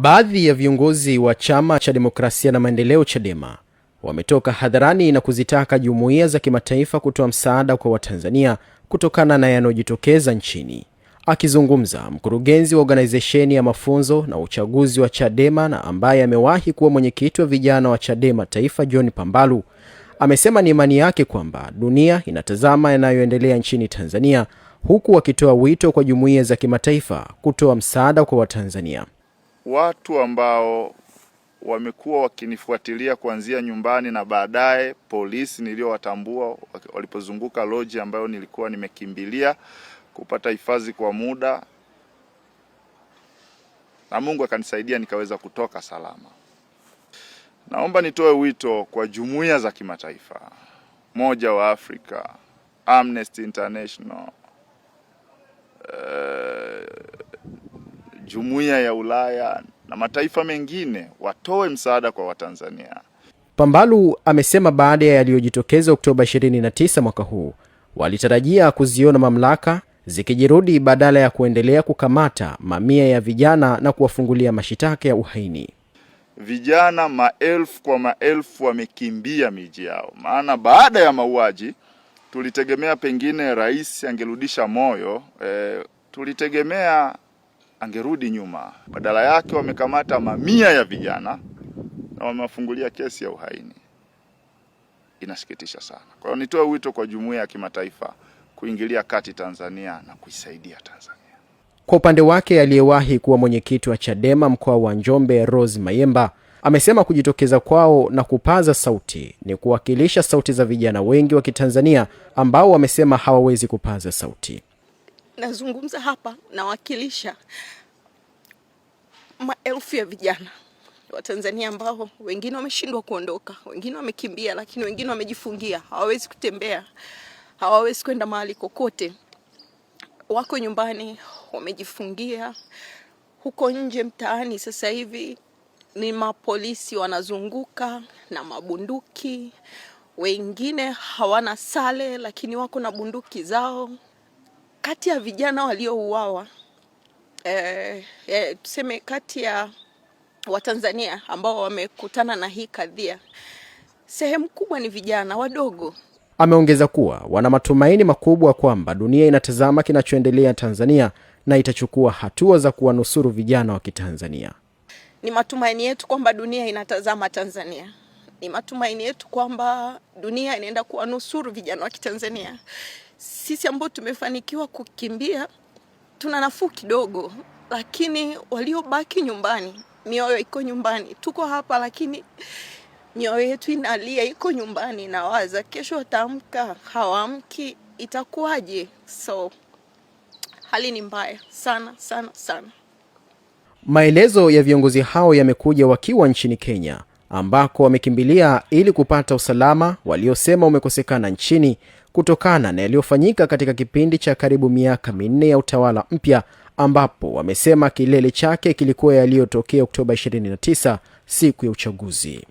Baadhi ya viongozi wa chama cha demokrasia na maendeleo CHADEMA wametoka hadharani na kuzitaka jumuiya za kimataifa kutoa msaada kwa Watanzania kutokana na yanayojitokeza nchini. Akizungumza, mkurugenzi wa organizesheni ya mafunzo na uchaguzi wa CHADEMA na ambaye amewahi kuwa mwenyekiti wa vijana wa CHADEMA Taifa, John Pambalu amesema ni imani yake kwamba dunia inatazama yanayoendelea nchini Tanzania, huku wakitoa wito kwa jumuiya za kimataifa kutoa msaada kwa Watanzania watu ambao wamekuwa wakinifuatilia kuanzia nyumbani na baadaye polisi niliowatambua walipozunguka loji ambayo nilikuwa nimekimbilia kupata hifadhi kwa muda, na Mungu akanisaidia nikaweza kutoka salama. Naomba nitoe wito kwa jumuiya za kimataifa, moja wa Afrika, Amnesty International jumuiya ya Ulaya na mataifa mengine watoe msaada kwa Watanzania. Pambalu amesema baada ya yaliyojitokeza Oktoba 29 mwaka huu walitarajia kuziona mamlaka zikijirudi badala ya kuendelea kukamata mamia ya vijana na kuwafungulia mashitaka ya uhaini. Vijana maelfu kwa maelfu wamekimbia miji yao, maana baada ya mauaji tulitegemea pengine rais angerudisha moyo. E, tulitegemea angerudi nyuma. Badala yake wamekamata mamia ya vijana na wamewafungulia kesi ya uhaini. Inasikitisha sana. Kwa hiyo nitoe wito kwa jumuiya ya kimataifa kuingilia kati Tanzania na kuisaidia Tanzania. Kwa upande wake, aliyewahi kuwa mwenyekiti wa Chadema mkoa wa Njombe, Rose Mayemba, amesema kujitokeza kwao na kupaza sauti ni kuwakilisha sauti za vijana wengi wa Kitanzania ambao wamesema hawawezi kupaza sauti nazungumza hapa, nawakilisha maelfu ya vijana wa Tanzania ambao wengine wameshindwa kuondoka, wengine wamekimbia, lakini wengine wamejifungia, hawawezi kutembea, hawawezi kwenda mahali kokote, wako nyumbani, wamejifungia huko nje mtaani. Sasa hivi ni mapolisi wanazunguka na mabunduki, wengine hawana sale, lakini wako na bunduki zao kati ya vijana waliouawa eh, eh, tuseme kati ya Watanzania ambao wamekutana na hii kadhia, sehemu kubwa ni vijana wadogo. Ameongeza kuwa wana matumaini makubwa kwamba dunia inatazama kinachoendelea Tanzania na itachukua hatua za kuwanusuru vijana wa Kitanzania. Ni matumaini yetu kwamba dunia inatazama Tanzania. Ni matumaini yetu kwamba dunia inaenda kuwanusuru vijana wa Kitanzania sisi ambao tumefanikiwa kukimbia tuna nafuu kidogo, lakini waliobaki nyumbani, mioyo iko nyumbani. Tuko hapa, lakini mioyo yetu inalia, iko nyumbani. Nawaza kesho wataamka, hawaamki, itakuwaje? So hali ni mbaya sana sana sana. Maelezo ya viongozi hao yamekuja wakiwa nchini Kenya ambako wamekimbilia ili kupata usalama waliosema umekosekana nchini kutokana na yaliyofanyika katika kipindi cha karibu miaka minne ya utawala mpya ambapo wamesema kilele chake kilikuwa yaliyotokea Oktoba 29 siku ya uchaguzi.